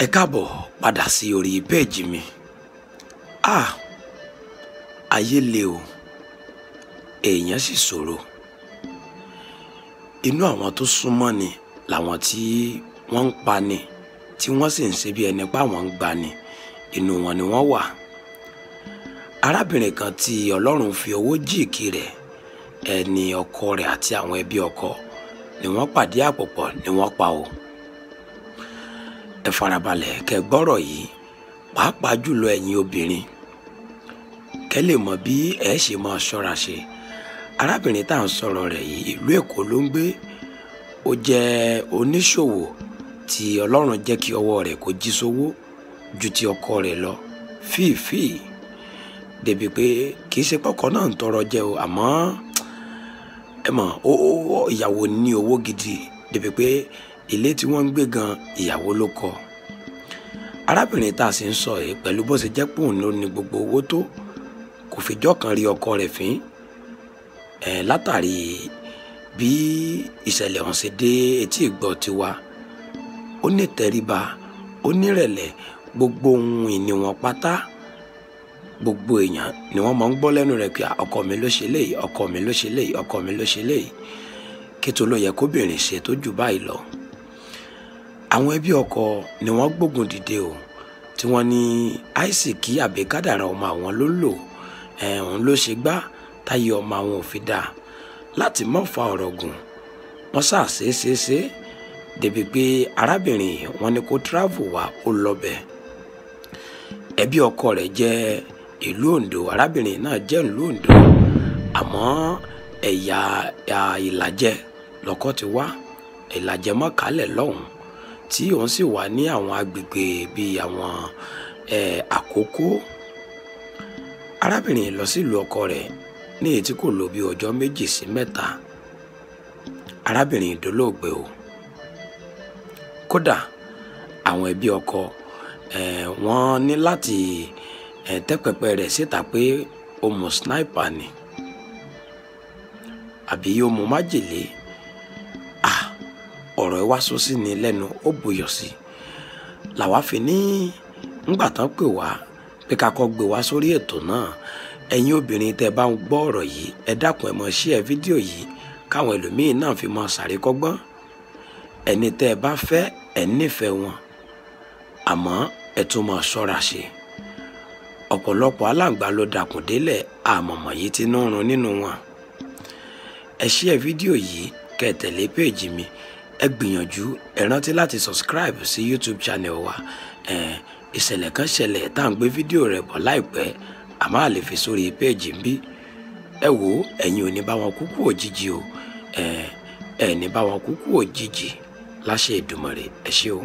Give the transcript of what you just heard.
ẹ káàbọ̀ padà sí orí péèjì mi ah ayé le o èèyàn sì ṣòro inú àwọn tó súnmọ́ ni làwọn tí wọ́n ń pa ni tí wọ́n sì ń ṣe bí ẹni pa wọ́n ń gba ni inú wọn ni wọ́n wà arábìnrin kan tí ọlọ́run fi owó jíìkì rẹ̀ ẹni ọkọ rẹ̀ àti àwọn ẹbí ọkọ ni wọ́n pàdé àpòpọ̀ ni wọ́n pa o ẹ farabalẹ̀ kẹ́ gbọ́rọ̀ yìí pàápàá jùlọ ẹ̀yin obìnrin kẹ́ lè mọ̀ bí ẹ ṣe máa ṣọ́ra ṣe arábìnrin tá à ń sọ̀rọ̀ rẹ̀ yìí ìlú èkó ló ń gbé ó jẹ́ oníṣòwò tí ọlọ́run jẹ́ kí ọwọ́ rẹ̀ kó jí sówó ju ti ọkọ rẹ̀ lọ fífíì débi pé kì í ṣe pọ́kọ náà ń tọrọ jẹ o àmọ́ ẹ mọ̀ ó ìyàwó ní owó gidi débi pé ilé tí wọ́n ń gbé gan ìyàwó ló kọ́ arábìnrin tá a sì ń sọ yìí pẹ̀lú bó ṣe jẹ́ pé òun ló ní gbogbo owó tó kò fìjọ́ kan rí ọkọ rẹ̀ fín látàrí bí ìṣẹ̀lẹ̀ ọ̀hún ṣe dé etí ìgbọ́ tiwa ó ní tẹríba ó nírẹ̀lẹ̀ gbogbo ohun ìní wọn pátá gbogbo èèyàn ni wọ́n máa ń gbọ́ lẹ́nu rẹ̀ pé ọkọ mi ló ṣe léyìí ọkọ mi ló ṣe léyìí ọkọ mi ló ṣe léyìí kí tó ló yẹ kóbìnrin ṣe tó jù báyìí lọ àwọn ẹbí ọkọ ni wọ́n gbógun dìde o tí wọ́n ní isaac àbíkádàrà ọmọ àwọn ló ń lò òun ló ṣe gbá táyé ọmọ àwọn ò fi dáa láti má fa ọ̀rọ̀ gùn wọ́n ṣàṣeéṣeéṣe débi pé arábìnrin wọn ni kó travel wá ó lọ́bẹ̀ ẹbí ọkọ rẹ̀ jẹ́ ìlú Ondo arábìnrin náà jẹ́ ìlú Ondo àmọ́ ẹ̀yà ìlàjẹ lọ́kọ ti wá ìlàjẹ mọ́kàlẹ̀ lọ́hùn tí òun sì wà ní àwọn agbègbè bíi àwọn àkókò arábìnrin lọ sílùú ọkọ rẹ̀ ní èyí tí kò lò bí ọjọ́ méjì sí mẹ́ta arábìnrin ìdólóògbé o kódà àwọn ẹbí ọkọ wọ́n ní láti tẹpẹpẹ rẹ̀ síta pé ó mú sniper ni àbí ó mú májèlé ọ̀rọ̀ ẹ wá sọ sí ni lẹ́nu ó bòyọ̀ sí i làwa fi ní ńgbà tán pè wá pé ká kọ́ gbé wá sórí ètò náà ẹ̀yin obìnrin tẹ́ bá ń gbọ́ ọ̀rọ̀ yìí ẹ dákun ẹ mọ̀ ṣí ẹ fídíò yìí káwọn ẹlòmíín náà fi mọ sàrékọ́gbọ́n ẹni tẹ́ bá fẹ́ ẹ nífẹ̀ẹ́ wọn àmọ́ ẹ tún mọ ṣọ́ra ṣe ọ̀pọ̀lọpọ̀ aláǹgbá ló dàkùn délẹ̀ àmọ̀mọ̀ yìí ti ń run nínú wọn ẹ ṣí ẹ fídíò yìí kẹ́ péèjì mi ẹ gbìyànjú ẹ rántí láti subscribe sí YouTube channel wa ìṣẹ̀lẹ̀ kan ṣẹlẹ̀ tá à ń gbé fídíò rẹ̀ bọ̀ láìpẹ́ àmọ́ àlè fi sórí péèjì ń bí ẹ wò ẹ̀yin ò ní bá wọn kúkú òjijì o ẹ̀ ẹ̀ ní bá wọn kúkú òjijì láṣẹ Èdùmàrè ẹ ṣé o.